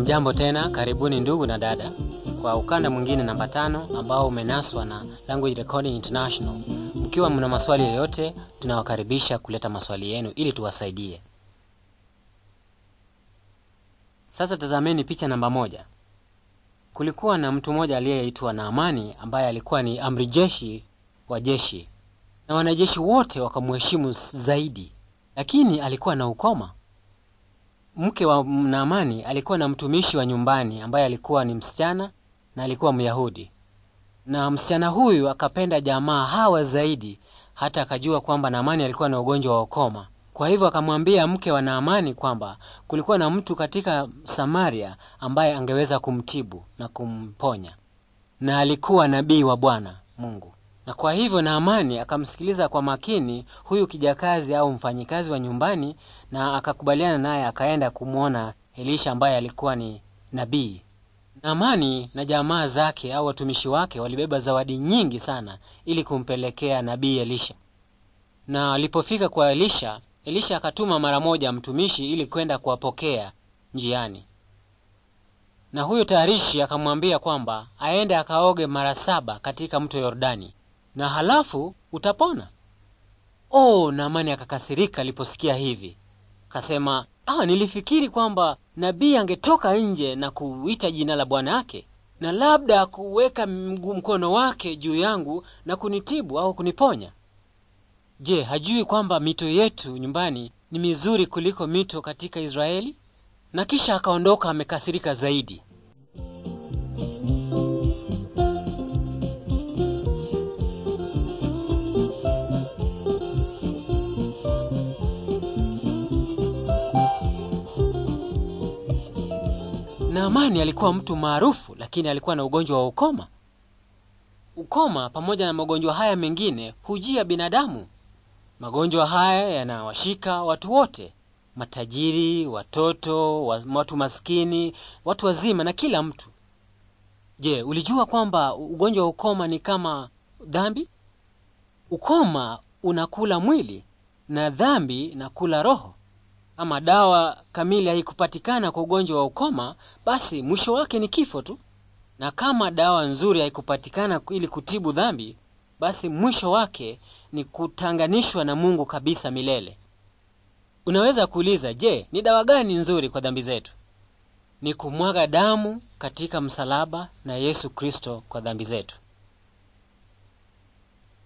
Hamjambo tena, karibuni ndugu na dada kwa ukanda mwingine namba tano ambao umenaswa na Language Recording International. Mkiwa mna maswali yoyote, tunawakaribisha kuleta maswali yenu ili tuwasaidie. Sasa tazameni picha namba moja. Kulikuwa na mtu mmoja aliyeitwa na amani ambaye alikuwa ni amri jeshi wa jeshi, na wanajeshi wote wakamheshimu zaidi, lakini alikuwa na ukoma mke wa Naamani alikuwa na mtumishi wa nyumbani ambaye alikuwa ni msichana na alikuwa Myahudi, na msichana huyu akapenda jamaa hawa zaidi, hata akajua kwamba Naamani alikuwa na ugonjwa wa ukoma. Kwa hivyo akamwambia mke wa Naamani kwamba kulikuwa na mtu katika Samaria ambaye angeweza kumtibu na kumponya, na alikuwa nabii wa Bwana Mungu. Na kwa hivyo Naamani akamsikiliza kwa makini huyu kijakazi au mfanyikazi wa nyumbani na akakubaliana naye akaenda kumwona Elisha ambaye alikuwa ni nabii. Naamani na jamaa zake au watumishi wake walibeba zawadi nyingi sana ili kumpelekea nabii Elisha. Na alipofika kwa Elisha, Elisha akatuma mara moja mtumishi ili kwenda kuwapokea njiani. Na huyo tayarishi akamwambia kwamba aende akaoge mara saba katika mto Yordani na halafu utapona. Oh, Naamani akakasirika aliposikia hivi, kasema ah, nilifikiri kwamba nabii angetoka nje na kuita jina la bwana yake na labda kuweka mkono wake juu yangu na kunitibu au kuniponya. Je, hajui kwamba mito yetu nyumbani ni mizuri kuliko mito katika Israeli? Na kisha akaondoka amekasirika zaidi. Naamani alikuwa mtu maarufu lakini alikuwa na ugonjwa wa ukoma. Ukoma pamoja na magonjwa haya mengine hujia binadamu. Magonjwa haya yanawashika watu wote, matajiri, watoto, watu maskini, watu wazima na kila mtu. Je, ulijua kwamba ugonjwa wa ukoma ni kama dhambi? Ukoma unakula mwili na dhambi nakula roho ama dawa kamili haikupatikana kwa ugonjwa wa ukoma, basi mwisho wake ni kifo tu. Na kama dawa nzuri haikupatikana ili kutibu dhambi, basi mwisho wake ni kutanganishwa na Mungu kabisa milele. Unaweza kuuliza, je, ni dawa gani nzuri kwa dhambi zetu? Ni kumwaga damu katika msalaba na Yesu Kristo kwa dhambi zetu.